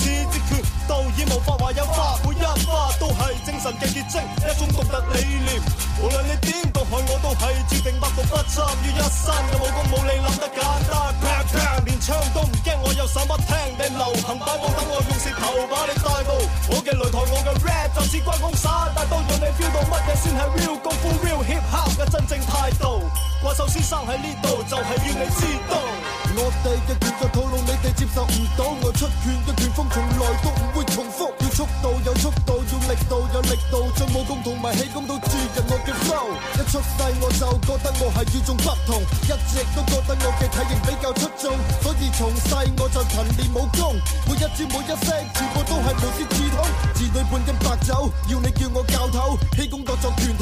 是之拳導演無法話有花，每一花都係精神嘅結晶，一種獨特理念。無論你點毒害我,我都係注定百毒不侵。要一身嘅武功冇你諗得簡單，啪啪啪連槍都唔驚我有手筆。聽你流行擺舞等我用舌頭把你帶路。我嘅擂台我嘅 rap 就似關公耍，大刀，都讓你 feel 到乜嘢先係 real 功夫，real hip hop 嘅真正態度。我首先生喺呢度，就係要你知道，我哋嘅拳腳套路，你哋接受唔到。我出拳嘅拳風從來都唔會重複，要速度有速度，要力度有力度，將武功同埋氣功都注入我嘅 flow。一出世我就覺得我係與眾不同，一直都覺得我嘅體型比較出眾，所以從細我就勤練武功，每一招每一式全部都係無師自通。自帶半斤白酒，要你叫我教頭，氣功各作拳。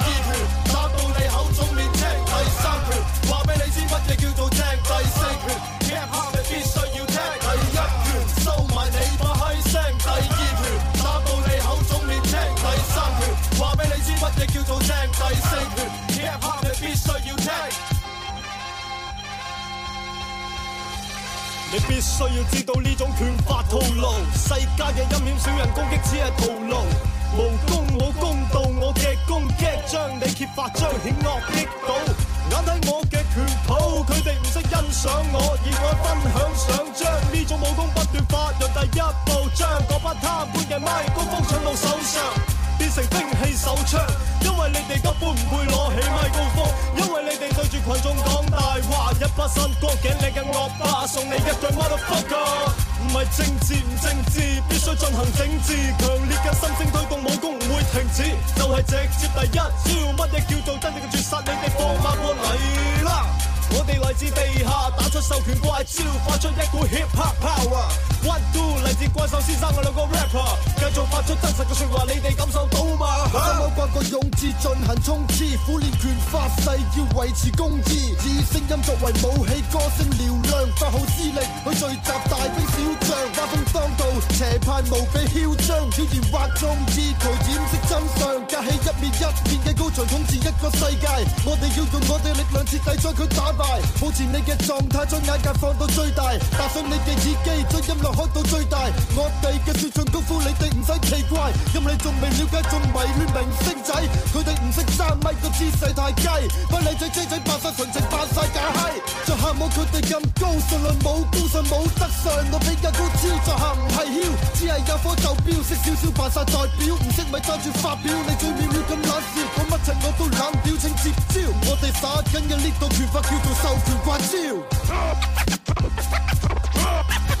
你必須要知道呢種拳法套路，世界嘅陰險小人攻擊只係徒勞無功冇公道，我嘅攻擊將你揭發，將險惡擊倒。眼睇我嘅拳譜，佢哋唔識欣賞我，而我分享想將呢種武功不斷發揚。第一步將嗰班貪官嘅咪高峰搶到手上。變成兵器手槍，因為你哋根本唔會攞起咪高峰，因為你哋對住群眾講大話，一巴身光頸舐嘅惡霸，送你一對 motherfucker，唔係政治唔政治，必須進行整治，強烈嘅心聲推動，武功唔會停止，就係直接第一招，乜嘢叫做真正嘅絕殺，你哋放馬過嚟啦！我哋嚟自地下，打出授權怪招，發出一股 hip hop power。One two，嚟自怪獸先生，嘅兩個 rapper，繼續發出真實嘅說話，你哋感受到嗎？我今晚掛個勇志進行衝刺，苦練拳法誓要維持公義。以聲音作為武器，歌聲嘹亮，發號施令去聚集大兵小將，邪派無比囂張，要然畫中之圖掩飾真相，架起一面一面嘅高牆，統治一個世界。我哋要用我哋力量徹底將佢打敗，保持你嘅狀態，將眼界放到最大，戴上你嘅耳機，將音樂開到最大。我哋嘅說唱功夫你哋唔使奇怪。因為你仲未了解，仲迷戀明星仔，佢哋唔識三米個姿勢太雞，不禮仔雞仔扮曬純情，扮晒假閪，著下冇佢哋咁高。信論冇，高神冇得上，我比較高超，就下唔係。只係有火就飆，識少少扮晒代表，唔識咪揸住發表，你最妙妙咁冷笑，講乜柒我都冷掉，請接招，我哋耍緊嘅呢套拳法叫做受拳刮招。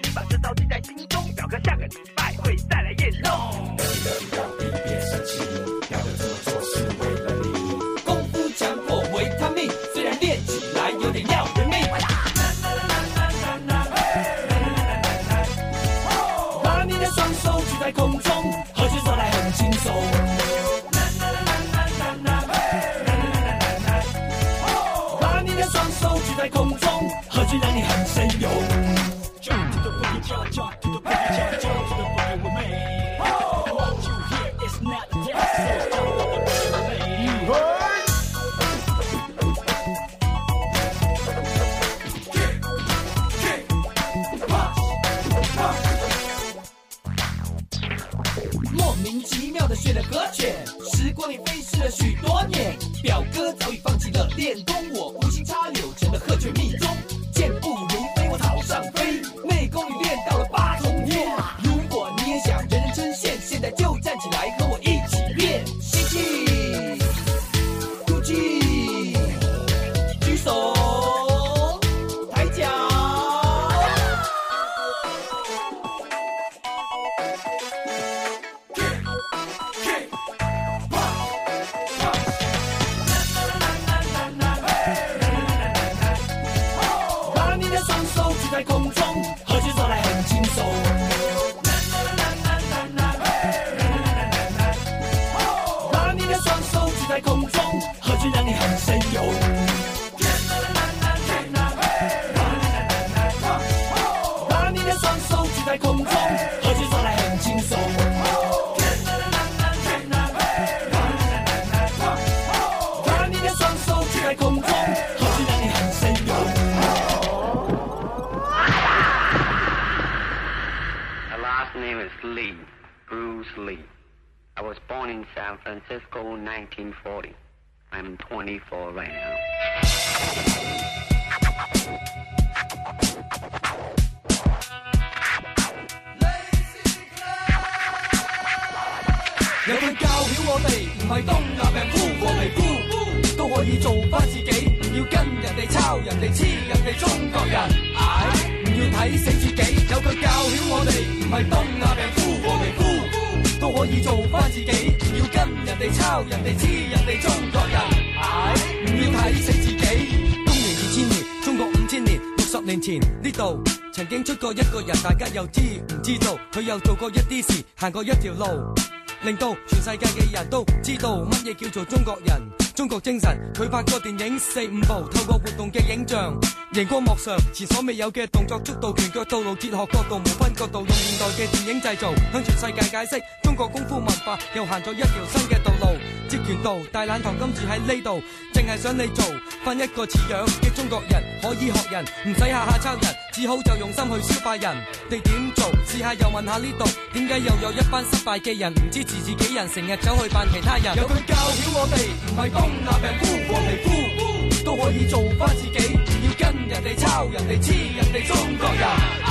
有句教曉我哋，唔係東亞病夫過嚟，夫都可以做翻自己。唔要跟人哋抄，人哋黐，人哋中國人唉，唔、哎、要睇死自己。有句教曉我哋，唔係東亞病夫過嚟，夫都可以做翻自己。唔要跟人哋抄，人哋黐，人哋中國人唉，唔、哎、要睇死自己。公元二千年，中國五千年，六十年前呢度曾經出過一個人，大家又知唔知道？佢又做過一啲事，行過一條路。令到全世界嘅人都知道乜嘢叫做中國人，中國精神。佢拍過電影四五部，透過活動嘅影像，熒光幕上，前所未有嘅動作速度、觸到拳腳，套路、哲學角度、無分角度，用現代嘅電影製造向全世界解釋。個功夫文化又行咗一條新嘅道路，接權道大懶堂今住喺呢度，淨係想你做，返一個似樣嘅中國人，可以學人，唔使下下抄人，只好就用心去消化人哋，點做試下又問下呢度，點解又有一班失敗嘅人，唔支持自己人，成日走去扮其他人。有佢教曉我哋，唔係東亞病夫，黃皮膚都可以做翻自己，要跟人哋抄人哋黐人哋中國人。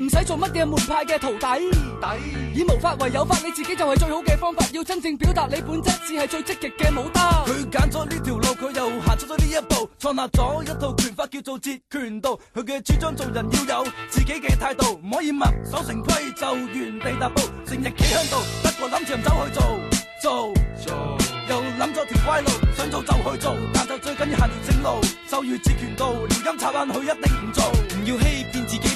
唔使做乜嘢門派嘅徒弟，以無法為有法，你自己就係最好嘅方法。要真正表達你本質，先係最積極嘅武德。佢揀咗呢條路，佢又行出咗呢一步，創立咗一套拳法叫做截拳道。佢嘅主張做人要有自己嘅態度，唔可以墨守成規就原地踏步，成日企響度，不過諗住唔走去做做做，又諗咗條歪路，想做就去做，但就最緊要行正路。修習截拳道，撩陰插眼佢一定唔做，唔要欺騙。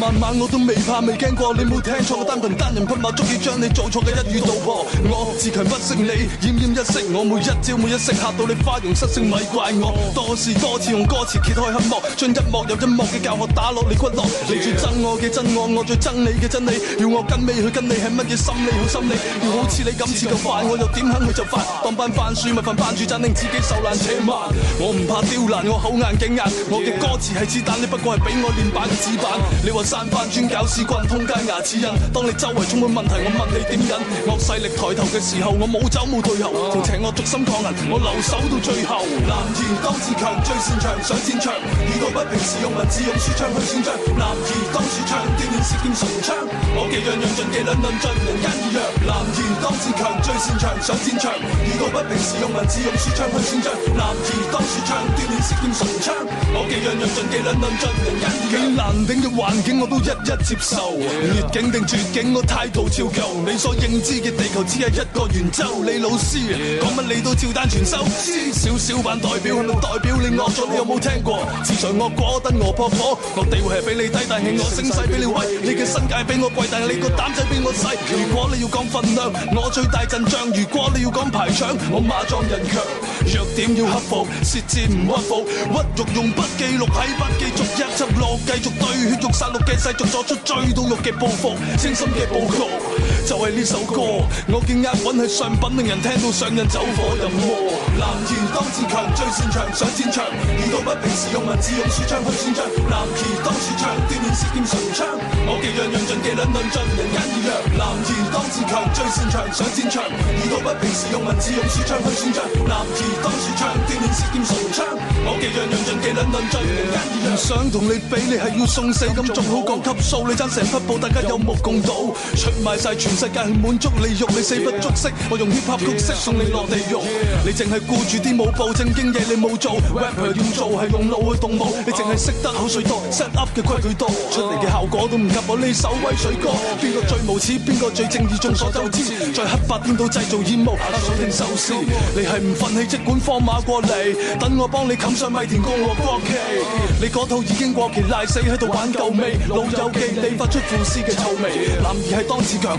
晚晚我都未怕未驚過，你冇聽錯，我單憑單人匹馬足以將你做錯嘅一語道破。我自強不息你，奄奄一息，我每一朝每一夕嚇到你花容失色、嗯，咪怪我。多次多次用歌詞揭開黑幕，將一幕又一幕嘅教學打落你骨落。你最憎我嘅憎我，我最憎你嘅憎你。要我跟尾去跟你係乜嘢心理好心理？要好似你咁似就快。我又點肯去就快當班番薯、嗯，咪份犯住真令自己受難且慢。我唔怕刁難，我口硬頸硬，我嘅歌詞係子彈，你不過係俾我練板嘅子板。你話？山翻轉搞屎棍，通街牙齒印。當你周圍充滿問題，我問你點忍？惡勢力抬頭嘅時候，我冇走冇退後，從請我逐心抗人，我留守到最後。男、啊、兒當自強，最擅長上戰場。遇到不平事，用文字用書槍去宣張。男兒當自強，鍛鍊舌劍唇槍。我嘅樣樣盡技，論論進人恩義。男兒當自強，最擅長上戰場。遇到不平事，用文字用書槍去宣張。男兒當自強，鍛鍊舌劍唇槍。我嘅樣樣冷冷進技，論論進人恩義。幾難頂嘅環境。我都一一接受，逆境定絕境，我態度照舊。你所認知嘅地球只係一個圓周，你老師講乜你都照單全收。小小板代表係咪代表你惡咗？你有冇聽過恃才惡果，等我破火，我地位係比你低，但係我聲勢比你威。你嘅身價比我貴，但係你個膽仔比我細。如果你要講分量，我最大陣仗；如果你要講排場，我馬壯人強。弱點要克服，劣質唔屈服，屈辱用筆記錄，喺筆記逐一記錄，繼續對血肉殺戮。繼續作出最毒辣嘅報復，精心嘅報復。就係、是、呢首歌，我嘅押韻係上品，令人聽到上癮走火入魔。男兒當自強，最擅長上戰場。遇到不平時用文字用書槍去算賬。男兒當自強，鍛鍊劍劍神槍。我技樣樣進技兩兩進，人間異樣。男兒當自強，最擅長上戰場。遇到不平時用文字用書槍去算賬。男兒當自強，鍛鍊劍劍神槍。我技樣樣進技兩兩進，人間異樣。想同你比，你係要送死咁，仲好講級數，你爭成匹布，大家有目共睹，出埋全世界去滿足你欲，你死不足惜。我用 hip hop 曲式送你落地獄。你淨係顧住啲舞步正經嘢，你冇做。rapper 要做係用腦去動武。你淨係識得口水多，set up 嘅規矩多，出嚟嘅效果都唔及我呢首威水歌。邊個最無恥，邊個最正義？眾所周知，在黑白顛倒製造煙霧，收聽收視。你係唔憤氣，即管放馬過嚟，等我幫你冚上米田共和國旗。你嗰套已經過期，賴死喺度玩夠味。老友記，你發出腐屍嘅臭味。男兒係當自強。